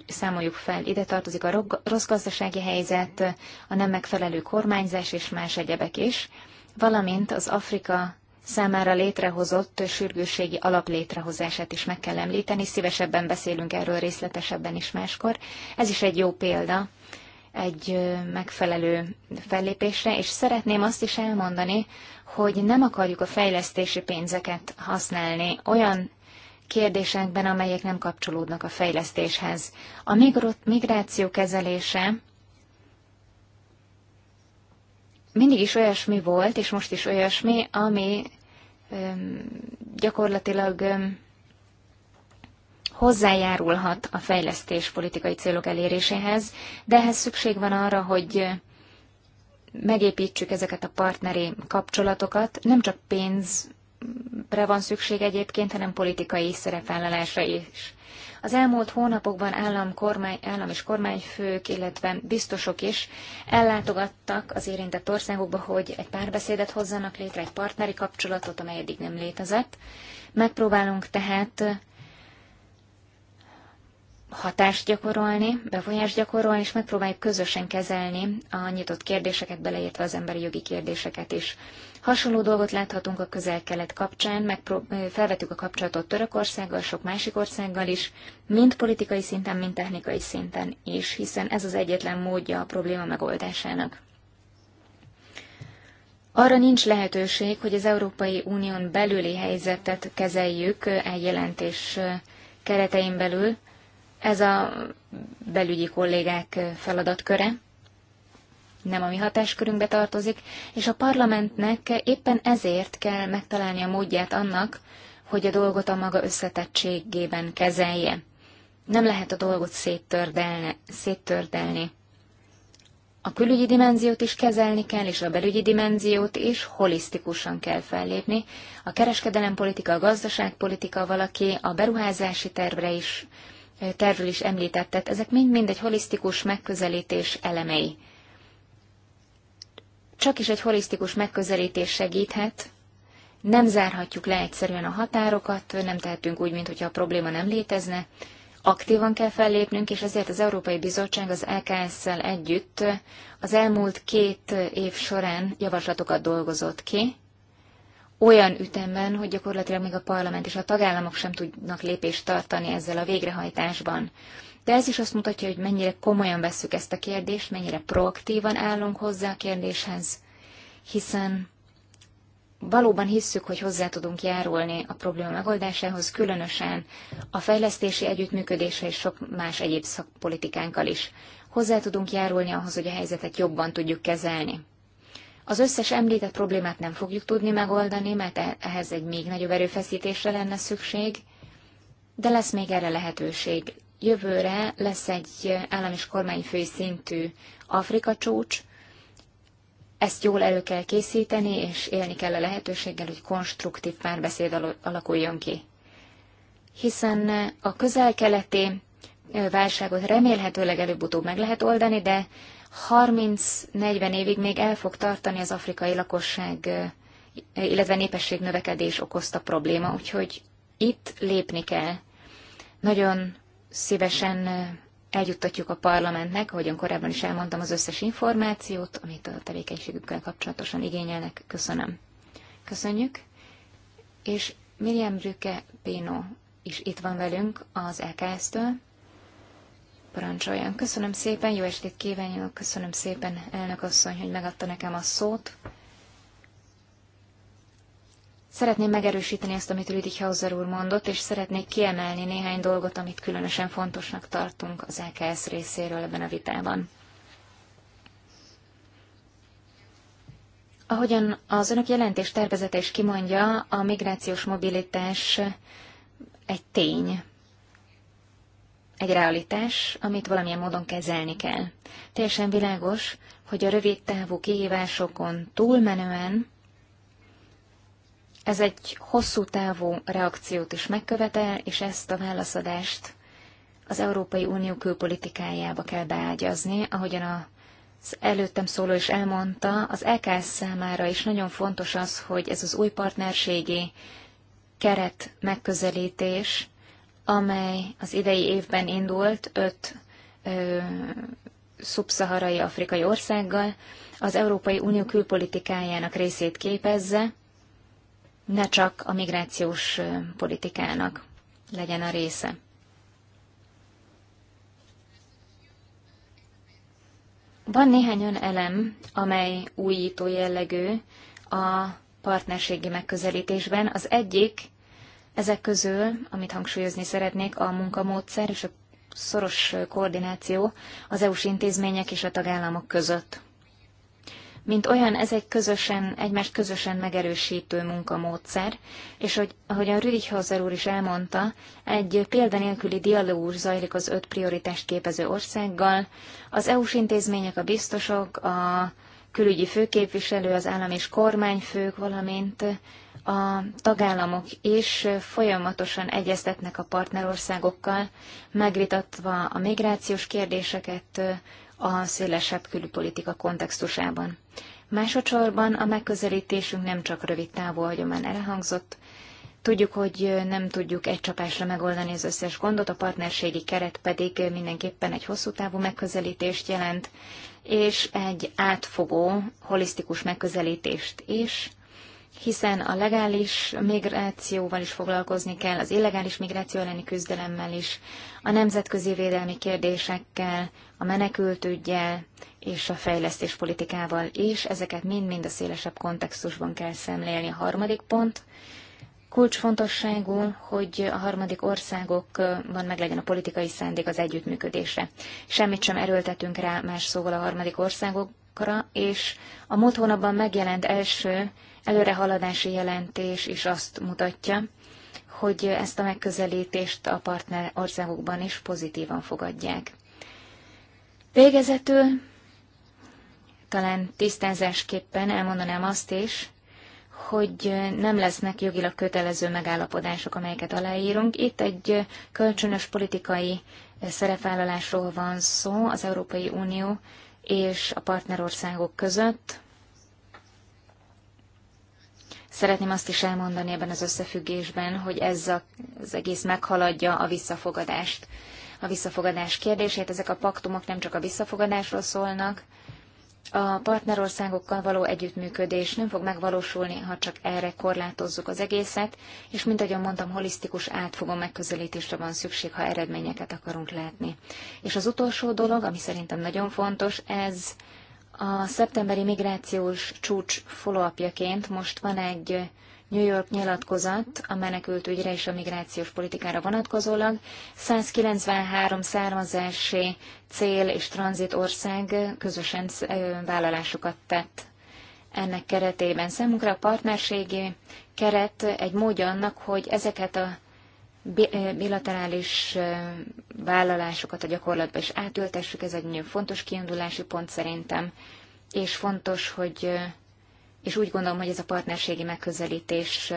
számoljuk fel. Ide tartozik a rossz gazdasági helyzet, a nem megfelelő kormányzás és más egyebek is, valamint az Afrika számára létrehozott sürgősségi alap létrehozását is meg kell említeni. Szívesebben beszélünk erről részletesebben is máskor. Ez is egy jó példa egy megfelelő fellépésre, és szeretném azt is elmondani, hogy nem akarjuk a fejlesztési pénzeket használni olyan kérdésekben, amelyek nem kapcsolódnak a fejlesztéshez. A migráció kezelése mindig is olyasmi volt, és most is olyasmi, ami gyakorlatilag hozzájárulhat a fejlesztés politikai célok eléréséhez, de ehhez szükség van arra, hogy megépítsük ezeket a partneri kapcsolatokat. Nem csak pénzre van szükség egyébként, hanem politikai szerepvállalásra is. Az elmúlt hónapokban állam, kormány, állam és kormányfők, illetve biztosok is ellátogattak az érintett országokba, hogy egy párbeszédet hozzanak létre, egy partneri kapcsolatot, amely eddig nem létezett. Megpróbálunk tehát hatást gyakorolni, befolyást gyakorolni, és megpróbáljuk közösen kezelni a nyitott kérdéseket, beleértve az emberi jogi kérdéseket is. Hasonló dolgot láthatunk a közel-kelet kapcsán, megpró- felvettük a kapcsolatot Törökországgal, sok másik országgal is, mind politikai szinten, mind technikai szinten is, hiszen ez az egyetlen módja a probléma megoldásának. Arra nincs lehetőség, hogy az Európai Unión belüli helyzetet kezeljük egy jelentés keretein belül, ez a belügyi kollégák feladatköre, nem a mi hatáskörünkbe tartozik, és a parlamentnek éppen ezért kell megtalálni a módját annak, hogy a dolgot a maga összetettségében kezelje. Nem lehet a dolgot széttördelni. A külügyi dimenziót is kezelni kell, és a belügyi dimenziót is holisztikusan kell fellépni. A kereskedelempolitika, a gazdaságpolitika valaki a beruházási tervre is tervről is említettet, ezek mind-mind egy holisztikus megközelítés elemei. Csak is egy holisztikus megközelítés segíthet, nem zárhatjuk le egyszerűen a határokat, nem tehetünk úgy, mintha a probléma nem létezne, aktívan kell fellépnünk, és ezért az Európai Bizottság az EKS-szel együtt az elmúlt két év során javaslatokat dolgozott ki, olyan ütemben, hogy gyakorlatilag még a parlament és a tagállamok sem tudnak lépést tartani ezzel a végrehajtásban. De ez is azt mutatja, hogy mennyire komolyan vesszük ezt a kérdést, mennyire proaktívan állunk hozzá a kérdéshez, hiszen valóban hisszük, hogy hozzá tudunk járulni a probléma megoldásához, különösen a fejlesztési együttműködésre és sok más egyéb szakpolitikánkkal is. Hozzá tudunk járulni ahhoz, hogy a helyzetet jobban tudjuk kezelni. Az összes említett problémát nem fogjuk tudni megoldani, mert e- ehhez egy még nagyobb erőfeszítésre lenne szükség, de lesz még erre lehetőség. Jövőre lesz egy állam és kormányfői szintű Afrika csúcs, ezt jól elő kell készíteni, és élni kell a lehetőséggel, hogy konstruktív párbeszéd alakuljon ki. Hiszen a közel-keleti válságot remélhetőleg előbb-utóbb meg lehet oldani, de 30-40 évig még el fog tartani az afrikai lakosság, illetve népesség növekedés okozta probléma, úgyhogy itt lépni kell. Nagyon szívesen eljuttatjuk a parlamentnek, ahogyan korábban is elmondtam, az összes információt, amit a tevékenységükkel kapcsolatosan igényelnek. Köszönöm. Köszönjük. És Miriam Brüke Péno is itt van velünk az LKS-től. Parancsoljon. Köszönöm szépen, jó estét kívánok, köszönöm szépen, elnök asszony, hogy megadta nekem a szót. Szeretném megerősíteni azt, amit Lüdi Hauser úr mondott, és szeretnék kiemelni néhány dolgot, amit különösen fontosnak tartunk az EKS részéről ebben a vitában. Ahogyan az önök jelentés tervezete is kimondja, a migrációs mobilitás egy tény egy realitás, amit valamilyen módon kezelni kell. Teljesen világos, hogy a rövid távú kihívásokon túlmenően ez egy hosszú távú reakciót is megkövetel, és ezt a válaszadást az Európai Unió külpolitikájába kell beágyazni, ahogyan a az előttem szóló is elmondta, az EKS számára is nagyon fontos az, hogy ez az új partnerségi keret megközelítés amely az idei évben indult öt ö, szubszaharai afrikai országgal, az Európai Unió külpolitikájának részét képezze, ne csak a migrációs politikának legyen a része. Van néhány olyan elem, amely újító jellegű a partnerségi megközelítésben. Az egyik ezek közül, amit hangsúlyozni szeretnék, a munkamódszer és a szoros koordináció az EU-s intézmények és a tagállamok között. Mint olyan, ez egy közösen, egymást közösen megerősítő munkamódszer, és hogy, ahogy a Rüdighauser úr is elmondta, egy példanélküli dialógus zajlik az öt prioritást képező országgal, az EU-s intézmények, a biztosok, a külügyi főképviselő, az állam és kormányfők, valamint a tagállamok is folyamatosan egyeztetnek a partnerországokkal, megvitatva a migrációs kérdéseket a szélesebb külpolitika kontextusában. Másodszorban a megközelítésünk nem csak rövid távú, hagyomán elhangzott, Tudjuk, hogy nem tudjuk egy csapásra megoldani az összes gondot, a partnerségi keret pedig mindenképpen egy hosszú távú megközelítést jelent, és egy átfogó, holisztikus megközelítést is, hiszen a legális migrációval is foglalkozni kell, az illegális migráció elleni küzdelemmel is, a nemzetközi védelmi kérdésekkel, a menekültügyel és a fejlesztéspolitikával is, ezeket mind-mind a szélesebb kontextusban kell szemlélni. A harmadik pont, kulcsfontosságú, hogy a harmadik országokban meglegyen a politikai szándék az együttműködésre. Semmit sem erőltetünk rá más szóval a harmadik országok, célokra, és a múlt hónapban megjelent első előrehaladási jelentés is azt mutatja, hogy ezt a megközelítést a partner országokban is pozitívan fogadják. Végezetül talán tisztázásképpen elmondanám azt is, hogy nem lesznek jogilag kötelező megállapodások, amelyeket aláírunk. Itt egy kölcsönös politikai szerepvállalásról van szó. Az Európai Unió és a partnerországok között. Szeretném azt is elmondani ebben az összefüggésben, hogy ez a, az egész meghaladja a visszafogadást. A visszafogadás kérdését, ezek a paktumok nem csak a visszafogadásról szólnak, a partnerországokkal való együttműködés nem fog megvalósulni, ha csak erre korlátozzuk az egészet, és mint ahogy mondtam, holisztikus átfogó megközelítésre van szükség, ha eredményeket akarunk látni. És az utolsó dolog, ami szerintem nagyon fontos, ez a szeptemberi migrációs csúcs follow most van egy New York nyilatkozat a menekültügyre és a migrációs politikára vonatkozólag 193 származási cél és tranzit ország közösen vállalásokat tett. Ennek keretében számunkra a partnerségi keret egy módja annak, hogy ezeket a bilaterális vállalásokat a gyakorlatba is átültessük, ez egy nagyon fontos kiindulási pont szerintem, és fontos, hogy és úgy gondolom, hogy ez a partnerségi megközelítés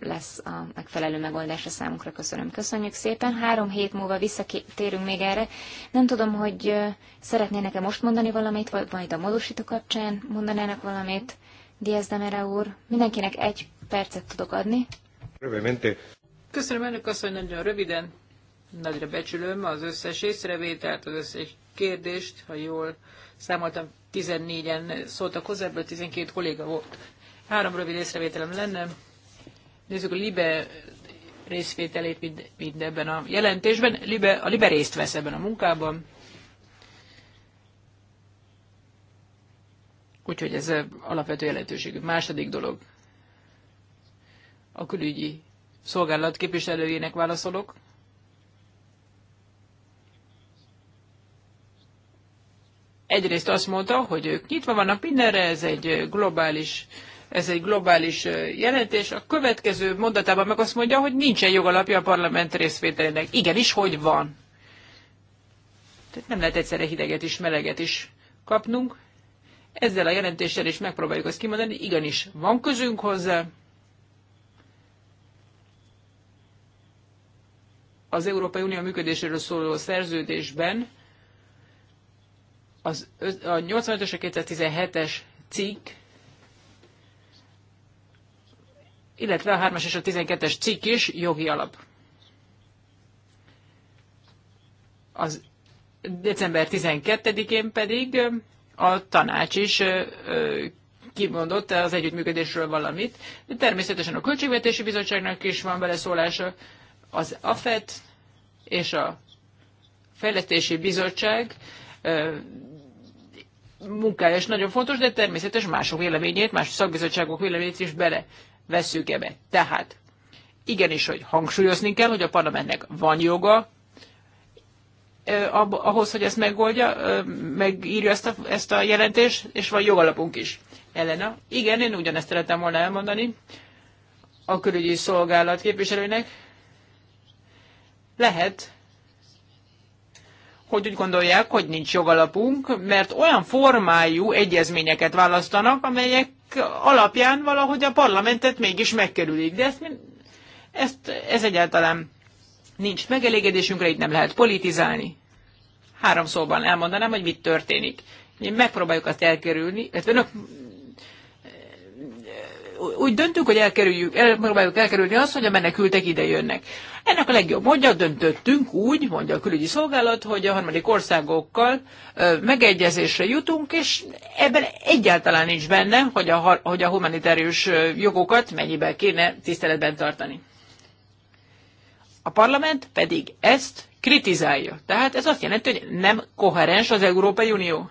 lesz a megfelelő megoldás a számunkra. Köszönöm. Köszönjük szépen. Három hét múlva visszatérünk még erre. Nem tudom, hogy szeretnének-e most mondani valamit, vagy majd a módosító kapcsán mondanának valamit. Diaz Demere úr, mindenkinek egy percet tudok adni. Rövidmente. Köszönöm azt, hogy nagyon röviden. Nagyra becsülöm az összes észrevételt, az összes kérdést, ha jól számoltam, 14-en szóltak hozzá, ebből 12 kolléga volt. Három rövid észrevételem lenne. Nézzük a Libe részvételét mind, mind ebben a jelentésben. Libe, a Libe részt vesz ebben a munkában. Úgyhogy ez alapvető jelentőségű. Második dolog. A külügyi szolgálat képviselőjének válaszolok. Egyrészt azt mondta, hogy ők nyitva vannak mindenre, ez egy globális ez egy globális jelentés. A következő mondatában meg azt mondja, hogy nincsen jogalapja a parlament részvételének. Igenis, hogy van. Tehát nem lehet egyszerre hideget is, meleget is kapnunk. Ezzel a jelentéssel is megpróbáljuk azt kimondani, igenis, van közünk hozzá. Az Európai Unió működéséről szóló szerződésben az, a 85-ös, a 2017-es cikk, illetve a 3-as és a 12-es cikk is jogi alap. Az december 12-én pedig a tanács is kimondott az együttműködésről valamit. Természetesen a Költségvetési Bizottságnak is van beleszólása, az AFET és a Fejlesztési Bizottság munkája is nagyon fontos, de természetes mások véleményét, más szakbizottságok véleményét is bele veszük ebbe. Tehát igenis, hogy hangsúlyozni kell, hogy a parlamentnek van joga ahhoz, hogy ezt megoldja, megírja ezt a, ezt a jelentést, és van jogalapunk is. Elena, igen, én ugyanezt szerettem volna elmondani a külügyi szolgálat képviselőnek. Lehet, hogy úgy gondolják, hogy nincs jogalapunk, mert olyan formájú egyezményeket választanak, amelyek alapján valahogy a parlamentet mégis megkerülik. De ezt, ezt, ez egyáltalán nincs megelégedésünkre, itt nem lehet politizálni. Három szóban elmondanám, hogy mit történik. Mi megpróbáljuk azt elkerülni, illetve önök úgy döntünk, hogy elkerüljük, elpróbáljuk elkerülni azt, hogy a menekültek ide jönnek. Ennek a legjobb módja döntöttünk úgy, mondja a külügyi szolgálat, hogy a harmadik országokkal megegyezésre jutunk, és ebben egyáltalán nincs benne, hogy a, hogy a humanitárius jogokat mennyiben kéne tiszteletben tartani. A parlament pedig ezt kritizálja. Tehát ez azt jelenti, hogy nem koherens az Európai Unió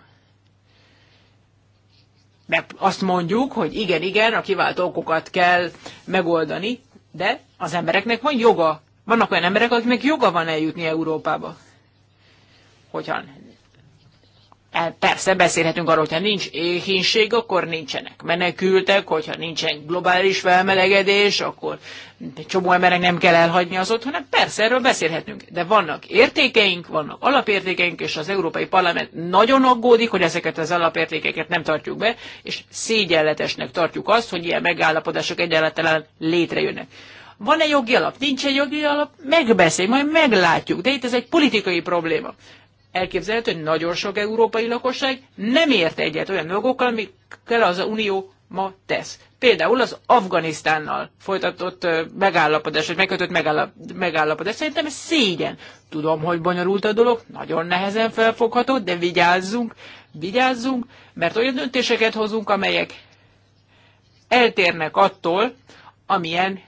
meg azt mondjuk, hogy igen, igen, a kiváltó okokat kell megoldani, de az embereknek van joga. Vannak olyan emberek, akiknek joga van eljutni Európába. Hogyha E, persze beszélhetünk arról, hogyha nincs éhínség, akkor nincsenek menekültek, hogyha nincsen globális felmelegedés, akkor egy csomó emberek nem kell elhagyni az ott, hanem hát persze erről beszélhetünk. De vannak értékeink, vannak alapértékeink, és az Európai Parlament nagyon aggódik, hogy ezeket az alapértékeket nem tartjuk be, és szégyenletesnek tartjuk azt, hogy ilyen megállapodások egyáltalán létrejönnek. Van-e jogi alap? Nincs egy jogi alap? Megbeszélj, majd meglátjuk. De itt ez egy politikai probléma elképzelhető, hogy nagyon sok európai lakosság nem ért egyet olyan dolgokkal, amikkel az Unió ma tesz. Például az Afganisztánnal folytatott megállapodás, vagy megkötött megállapodás. Szerintem ez szégyen. Tudom, hogy bonyolult a dolog, nagyon nehezen felfogható, de vigyázzunk, vigyázzunk, mert olyan döntéseket hozunk, amelyek eltérnek attól, amilyen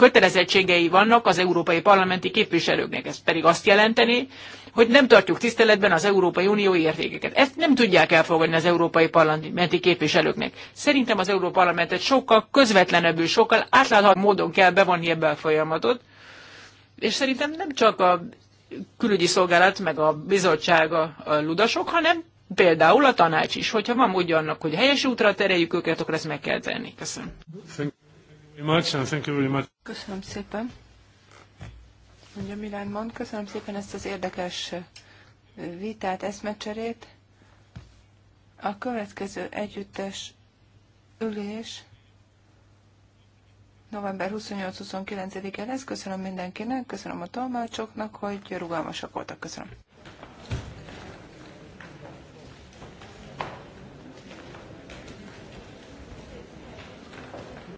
kötelezettségei vannak az európai parlamenti képviselőknek. Ez pedig azt jelenteni, hogy nem tartjuk tiszteletben az Európai Unió értékeket. Ezt nem tudják elfogadni az európai parlamenti képviselőknek. Szerintem az Európai Parlamentet sokkal közvetlenebbül, sokkal átláthatóbb módon kell bevonni ebbe a folyamatot. És szerintem nem csak a külügyi szolgálat, meg a bizottság a ludasok, hanem például a tanács is. Hogyha van úgy annak, hogy helyes útra tereljük őket, akkor ezt meg kell tenni. Köszönöm. Köszönöm szépen. Mondja Milán mond, köszönöm szépen ezt az érdekes vitát, eszmecserét. A következő együttes ülés november 28-29-e lesz. Köszönöm mindenkinek, köszönöm a tolmácsoknak, hogy rugalmasak voltak. Köszönöm.